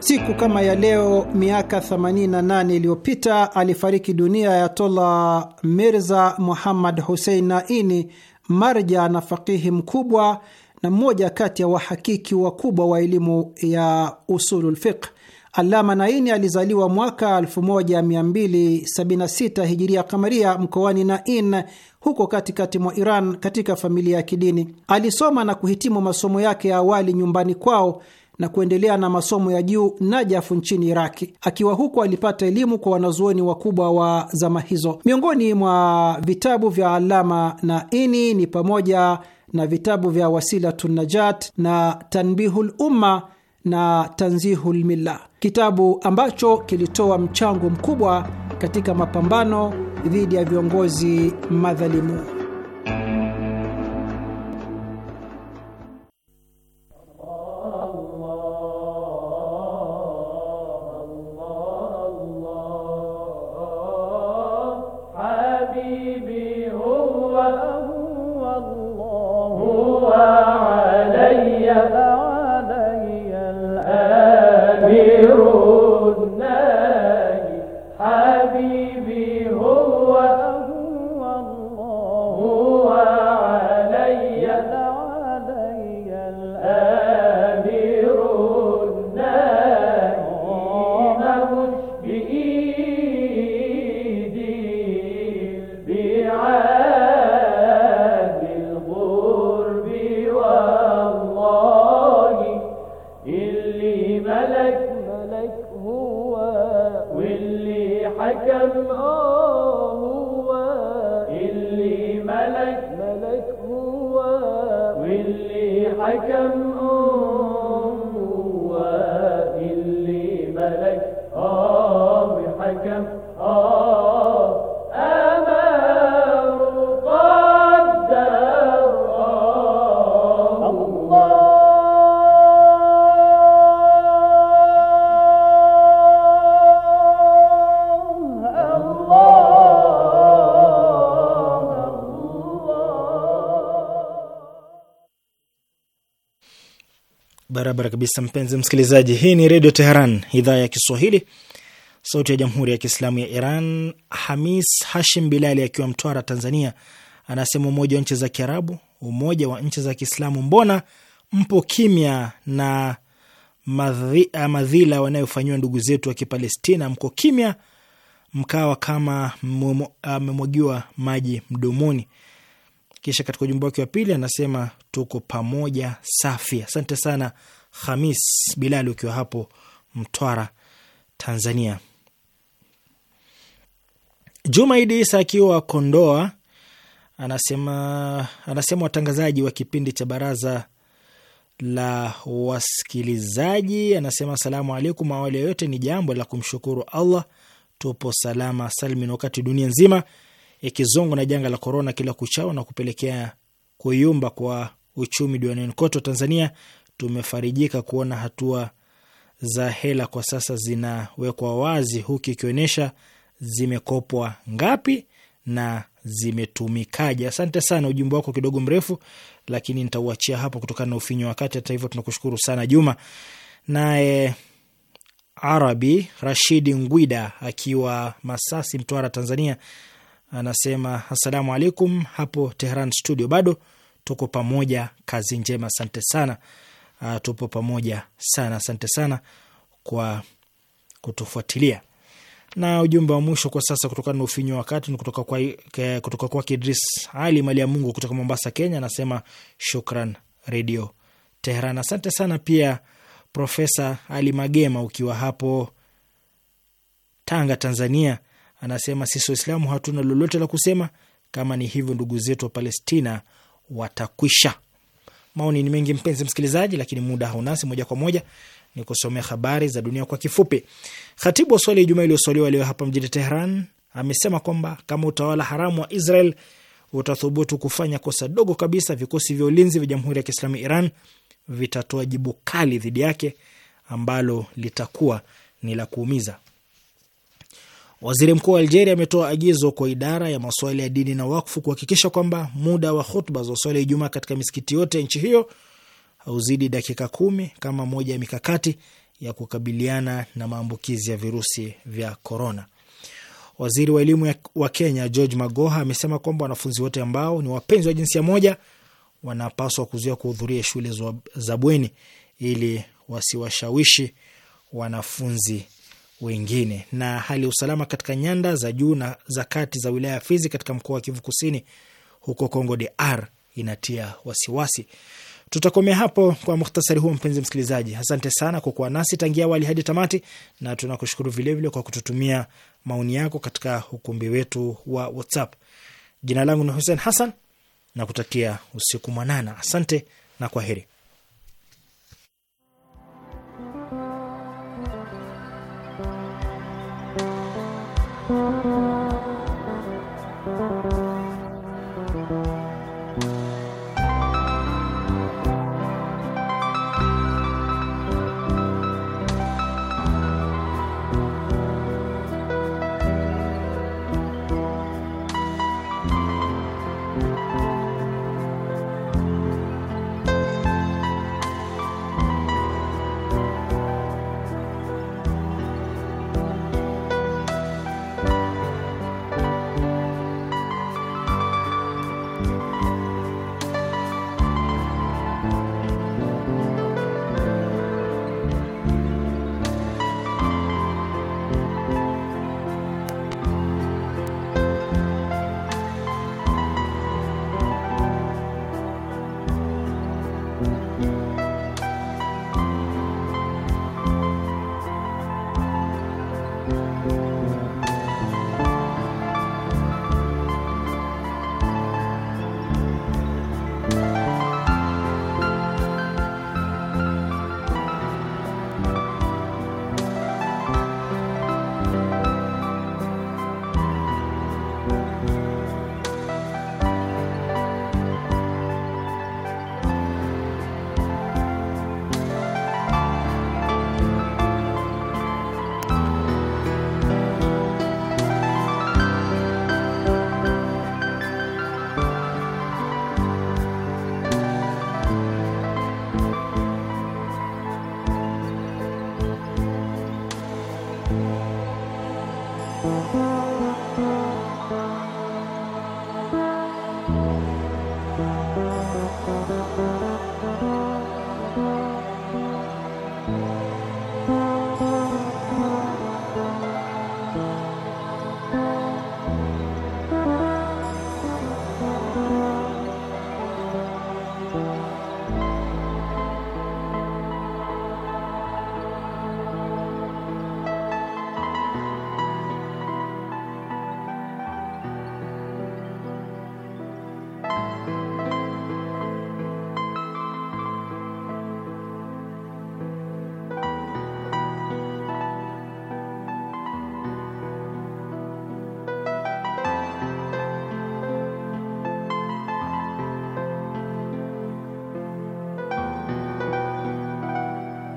Siku kama ya leo miaka 88 iliyopita alifariki dunia ya Tola Mirza Muhammad Hussein Naini, marja na fakihi mkubwa na mmoja kati ya wahakiki wakubwa wa elimu ya usulul fiqh. Alama Naini alizaliwa mwaka 1276 hijiria kamaria mkoani Nain huko katikati mwa Iran katika familia ya kidini. Alisoma na kuhitimu masomo yake ya awali nyumbani kwao na kuendelea na masomo ya juu Najafu nchini Iraki. Akiwa huko alipata elimu kwa wanazuoni wakubwa wa zama hizo. Miongoni mwa vitabu vya Alama na ini ni pamoja na vitabu vya Wasilatu Najat na Tanbihul Umma na Tanzihul Milla, kitabu ambacho kilitoa mchango mkubwa katika mapambano dhidi ya viongozi madhalimu. Oh. Barabara kabisa, mpenzi msikilizaji. Hii ni Redio Teheran, idhaa ya Kiswahili, sauti ya Jamhuri ya Kiislamu ya Iran. Hamis Hashim Bilali akiwa Mtwara, Tanzania, anasema umoja wa nchi za Kiarabu, umoja wa nchi za Kiislamu, mbona mpo kimya na madhi, eh, madhila wanayofanyiwa ndugu zetu wa Kipalestina? Mko kimya mkawa kama eh, mmemwagiwa maji mdomoni. Kisha katika ujumbe wake wa pili anasema tuko pamoja, safi. Asante sana Hamis Bilali ukiwa hapo Mtwara, Tanzania. Jumaidi Isa akiwa Kondoa anasema anasema watangazaji wa kipindi cha baraza la wasikilizaji, anasema asalamu alaikum. Awali yoyote ni jambo la kumshukuru Allah, tupo salama salmin, wakati dunia nzima ikizongwa na janga la korona kila kuchao na kupelekea kuyumba kwa uchumi duniani kote, Tanzania tumefarijika kuona hatua za hela kwa sasa zinawekwa wazi, huku ikionyesha zimekopwa ngapi na zimetumikaje. Asante sana, ujumbe wako kidogo mrefu, lakini nitauachia hapo kutokana na ufinyo wa wakati. Hata hivyo, tunakushukuru sana Juma. Naye Arabi Rashidi Ngwida akiwa Masasi, Mtwara, Tanzania, anasema assalamu alaikum hapo Tehran studio. Bado tuko pamoja, kazi njema. Asante sana uh, tupo pamoja sana. Asante sana kwa kutufuatilia. Na ujumbe wa mwisho kwa sasa kutokana na ufinyu wa wakati ni kutoka kwa kutoka kwa Idris Ali Mali ya Mungu kutoka Mombasa, Kenya, anasema shukran Radio Tehran. Asante sana pia Profesa Ali Magema ukiwa hapo Tanga, Tanzania, anasema sisi Waislamu hatuna lolote la kusema. Kama ni hivyo, ndugu zetu wa Palestina watakwisha. Maoni ni mengi mpenzi msikilizaji, lakini muda haunasi. Moja kwa moja ni kusomea habari za dunia kwa kifupi. Khatibu wa swali ya Ijumaa iliyoswaliwa leo hapa mjini Tehran amesema kwamba kama utawala haramu wa Israel utathubutu kufanya kosa dogo kabisa, vikosi vya ulinzi vya Jamhuri ya Kiislamu Iran vitatoa jibu kali dhidi yake ambalo litakuwa ni la kuumiza. Waziri mkuu wa Algeria ametoa agizo kwa idara ya masuala ya dini na wakfu kuhakikisha kwamba muda wa hutuba za swala ya Ijumaa katika misikiti yote ya nchi hiyo hauzidi dakika kumi kama moja ya mikakati ya kukabiliana na maambukizi ya virusi vya korona. Waziri wa elimu wa Kenya George Magoha amesema kwamba wanafunzi wote ambao ni wapenzi wa jinsia moja wanapaswa kuzuia kuhudhuria shule za bweni ili wasiwashawishi wanafunzi wengine. Na hali ya usalama katika nyanda za juu na za kati za wilaya ya Fizi katika mkoa wa Kivu Kusini huko Kongo DR inatia wasiwasi. Tutakomea hapo kwa muhtasari huo, mpenzi msikilizaji. Asante sana kwa kuwa nasi tangia awali hadi tamati, na tunakushukuru vilevile kwa kututumia maoni yako katika ukumbi wetu wa WhatsApp. Jina langu ni Hussein Hassan na kutakia usiku mwanana. Asante na kwa heri.